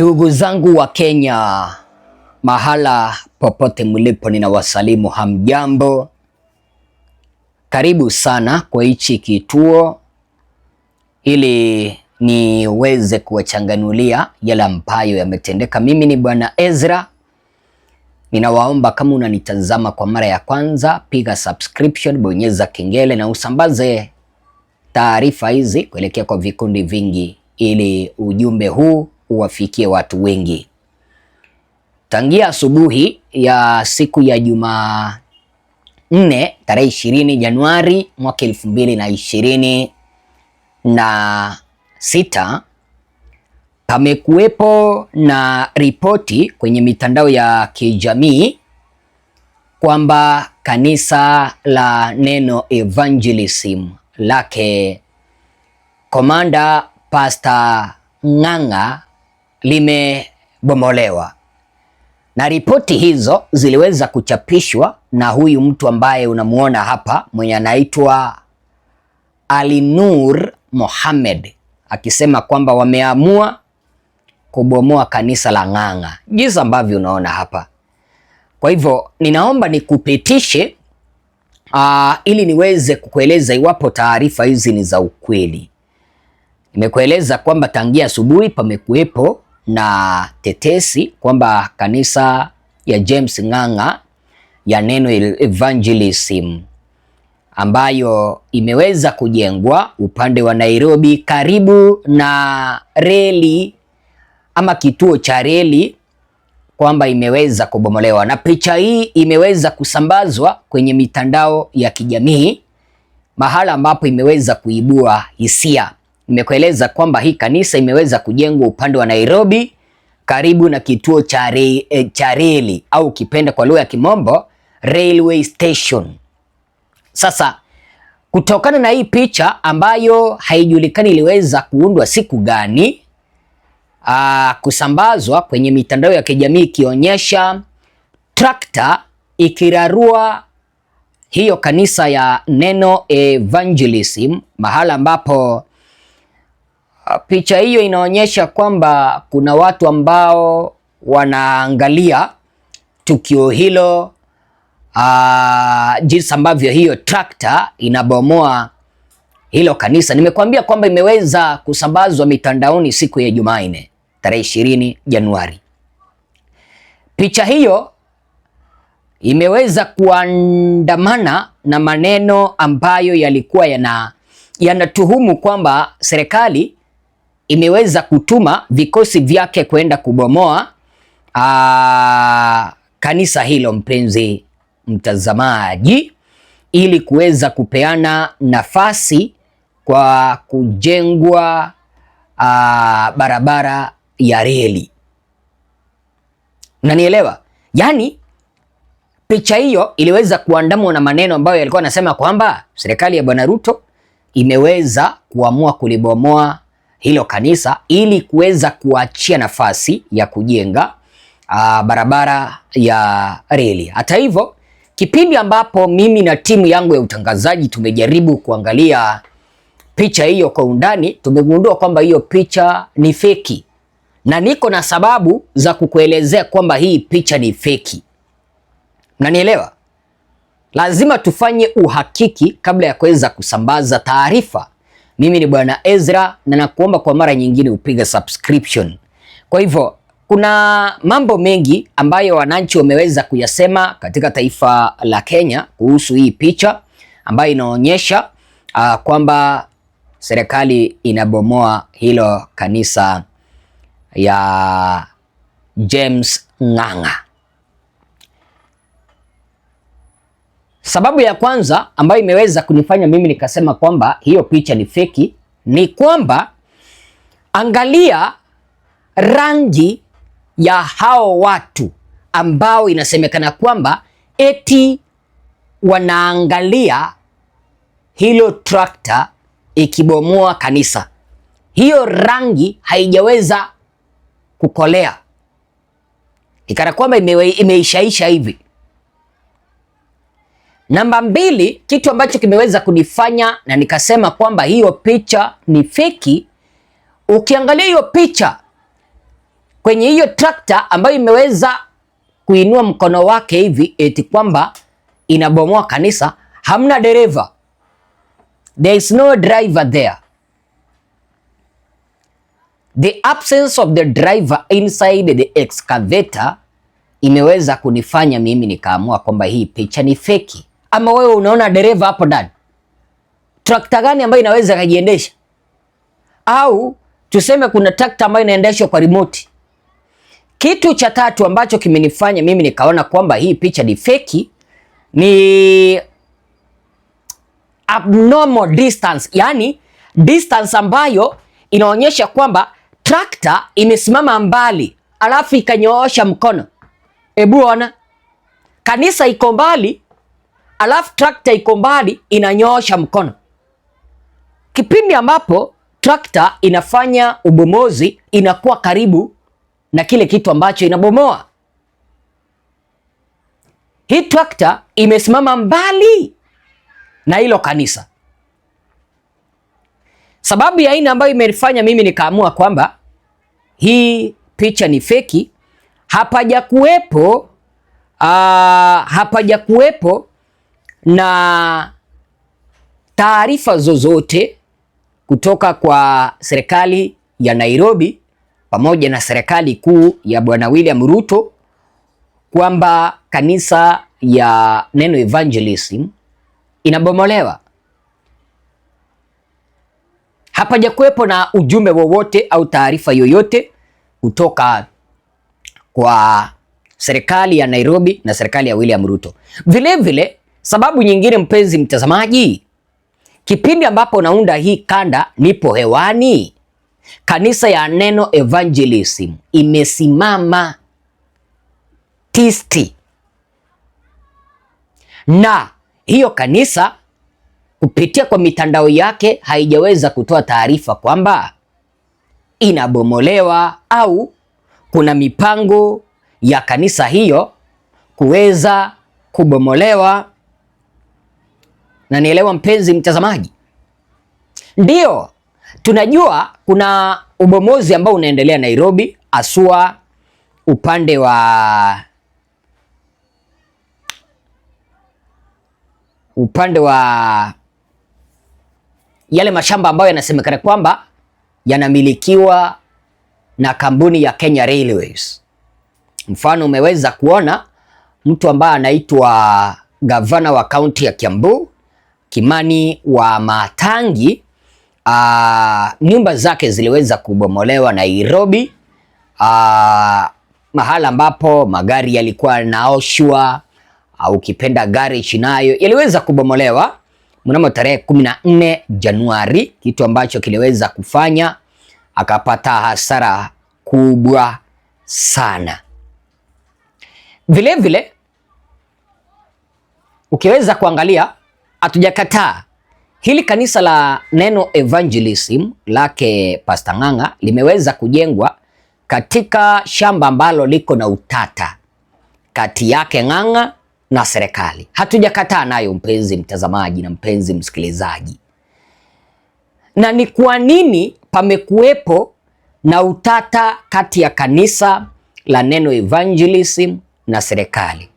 Ndugu zangu wa Kenya, mahala popote mlipo, ninawasalimu hamjambo. Karibu sana kwa hichi kituo ili niweze kuwachanganulia yale ambayo yametendeka. Mimi ni Bwana Ezra. Ninawaomba kama unanitazama kwa mara ya kwanza, piga subscription, bonyeza kengele na usambaze taarifa hizi kuelekea kwa vikundi vingi, ili ujumbe huu uwafikie watu wengi. Tangia asubuhi ya siku ya Jumanne tarehe ishirini Januari mwaka elfu mbili na ishirini na sita pamekuwepo na ripoti kwenye mitandao ya kijamii kwamba kanisa la Neno Evangelism lake Komanda Pastor Ng'ang'a limebomolewa, na ripoti hizo ziliweza kuchapishwa na huyu mtu ambaye unamuona hapa mwenye anaitwa Alinur Mohamed akisema kwamba wameamua kubomoa kanisa la Ng'ang'a jinsi ambavyo unaona hapa. Kwa hivyo ninaomba nikupitishe aa, ah, ili niweze kukueleza iwapo taarifa hizi ni za ukweli. Nimekueleza kwamba tangia asubuhi pamekuwepo na tetesi kwamba kanisa ya James Ng'ang'a ya Neno Evangelism ambayo imeweza kujengwa upande wa Nairobi karibu na reli ama kituo cha reli kwamba imeweza kubomolewa, na picha hii imeweza kusambazwa kwenye mitandao ya kijamii, mahala ambapo imeweza kuibua hisia nimekueleza kwamba hii kanisa imeweza kujengwa upande wa Nairobi karibu na kituo e, cha reli au ukipenda kwa lugha ya Kimombo railway station. Sasa kutokana na hii picha ambayo haijulikani iliweza kuundwa siku gani, aa, kusambazwa kwenye mitandao ya kijamii ikionyesha trakta ikirarua hiyo kanisa ya Neno Evangelism, mahala ambapo Ah, picha hiyo inaonyesha kwamba kuna watu ambao wanaangalia tukio hilo, uh, jinsi ambavyo hiyo trakta inabomoa hilo kanisa. Nimekuambia kwamba imeweza kusambazwa mitandaoni siku ya Jumanne tarehe 20 Januari. Picha hiyo imeweza kuandamana na maneno ambayo yalikuwa yana yanatuhumu kwamba serikali imeweza kutuma vikosi vyake kwenda kubomoa ah, kanisa hilo, mpenzi mtazamaji, ili kuweza kupeana nafasi kwa kujengwa aa, ah, barabara ya reli. Unanielewa? Yaani picha hiyo iliweza kuandamwa na maneno ambayo yalikuwa anasema kwamba serikali ya Bwana Ruto imeweza kuamua kulibomoa hilo kanisa ili kuweza kuachia nafasi ya kujenga uh, barabara ya reli. Hata hivyo, kipindi ambapo mimi na timu yangu ya utangazaji tumejaribu kuangalia picha hiyo kwa undani, tumegundua kwamba hiyo picha ni feki, na niko na sababu za kukuelezea kwamba hii picha ni feki. Mnanielewa? Lazima tufanye uhakiki kabla ya kuweza kusambaza taarifa mimi ni Bwana Ezra na nakuomba kwa mara nyingine upiga subscription. Kwa hivyo kuna mambo mengi ambayo wananchi wameweza kuyasema katika taifa la Kenya kuhusu hii picha ambayo inaonyesha uh, kwamba serikali inabomoa hilo kanisa ya James Ng'ang'a. Sababu ya kwanza ambayo imeweza kunifanya mimi nikasema kwamba hiyo picha ni feki ni kwamba, angalia rangi ya hao watu ambao inasemekana kwamba eti wanaangalia hilo trakta ikibomoa kanisa. Hiyo rangi haijaweza kukolea, ikana kwamba imeishaisha hivi. Namba mbili, kitu ambacho kimeweza kunifanya na nikasema kwamba hiyo picha ni feki. Ukiangalia hiyo picha kwenye hiyo trakta ambayo imeweza kuinua mkono wake hivi eti kwamba inabomoa kanisa, hamna dereva, there is no driver there, the absence of the driver inside the excavator imeweza kunifanya mimi nikaamua kwamba hii picha ni feki. Ama wewe unaona dereva hapo ndani, trakta gani ambayo inaweza kujiendesha? Au tuseme kuna trakta ambayo inaendeshwa kwa remote. Kitu cha tatu ambacho kimenifanya mimi nikaona kwamba hii picha ni feki ni abnormal distance, yani distance ambayo inaonyesha kwamba trakta imesimama mbali alafu ikanyoosha mkono. Ebu ona, kanisa iko mbali alafu trakta iko mbali inanyoosha mkono. Kipindi ambapo trakta inafanya ubomozi inakuwa karibu na kile kitu ambacho inabomoa. Hii trakta imesimama mbali na hilo kanisa. Sababu ya aina ambayo imenifanya mimi nikaamua kwamba hii picha ni feki, hapaja kuwepo ah, hapaja kuwepo na taarifa zozote kutoka kwa serikali ya Nairobi pamoja na serikali kuu ya Bwana William Ruto kwamba kanisa ya Neno Evangelism inabomolewa. Hapajakuwepo na ujumbe wowote au taarifa yoyote kutoka kwa serikali ya Nairobi na serikali ya William Ruto. Vilevile Sababu nyingine, mpenzi mtazamaji, kipindi ambapo naunda hii kanda nipo hewani, kanisa ya Neno Evangelism imesimama tisti, na hiyo kanisa kupitia kwa mitandao yake haijaweza kutoa taarifa kwamba inabomolewa au kuna mipango ya kanisa hiyo kuweza kubomolewa na nielewa mpenzi mtazamaji, ndio tunajua kuna ubomozi ambao unaendelea Nairobi, asua upande wa upande wa yale mashamba ambayo yanasemekana kwamba yanamilikiwa na kampuni ya Kenya Railways. Mfano, umeweza kuona mtu ambaye anaitwa gavana wa kaunti ya Kiambu Kimani wa Matangi aa, ah, nyumba zake ziliweza kubomolewa Nairobi ah, mahala ambapo magari yalikuwa naoshwa au ah, ukipenda garage nayo yaliweza kubomolewa mnamo tarehe 14 Januari, kitu ambacho kiliweza kufanya akapata hasara kubwa sana. Vilevile ukiweza kuangalia hatujakataa hili kanisa la Neno Evangelism lake Pastor Ng'ang'a limeweza kujengwa katika shamba ambalo liko na utata kati yake Ng'ang'a na serikali. Hatujakataa nayo, mpenzi mtazamaji na mpenzi msikilizaji. Na ni kwa nini pamekuwepo na utata kati ya kanisa la Neno Evangelism na serikali?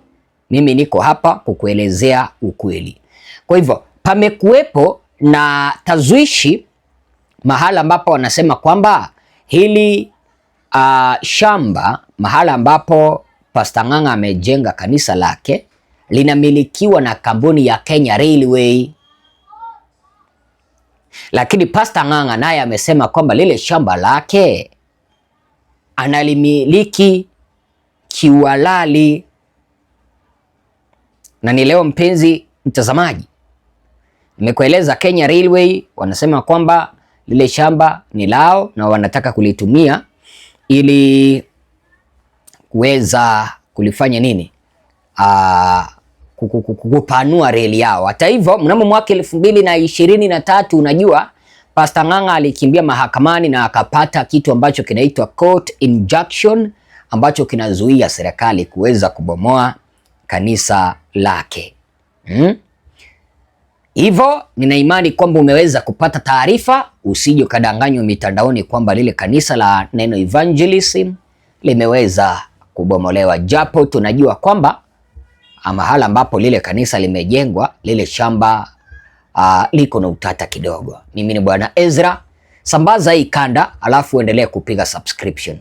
Mimi niko hapa kukuelezea ukweli. Kwa hivyo pamekuwepo na tazwishi mahala ambapo wanasema kwamba hili uh, shamba mahala ambapo Pasta Ng'ang'a amejenga kanisa lake linamilikiwa na kampuni ya Kenya Railway, lakini Pasta Ng'ang'a naye amesema kwamba lile shamba lake analimiliki kiwalali. Na ni leo, mpenzi mtazamaji, Nimekueleza Kenya Railway wanasema kwamba lile shamba ni lao na wanataka kulitumia ili kuweza kulifanya nini, ah, kupanua reli yao. Hata hivyo, mnamo mwaka elfu mbili na ishirini na tatu unajua Pastor Ng'ang'a alikimbia mahakamani na akapata kitu ambacho kinaitwa court injunction ambacho kinazuia serikali kuweza kubomoa kanisa lake hmm? Hivyo nina imani kwamba umeweza kupata taarifa, usije ukadanganywa mitandaoni kwamba lile kanisa la Neno Evangelism limeweza kubomolewa, japo tunajua kwamba ah, mahala ambapo lile kanisa limejengwa lile shamba uh, liko na utata kidogo. Mimi ni Bwana Ezra, sambaza hii kanda alafu uendelee kupiga subscription.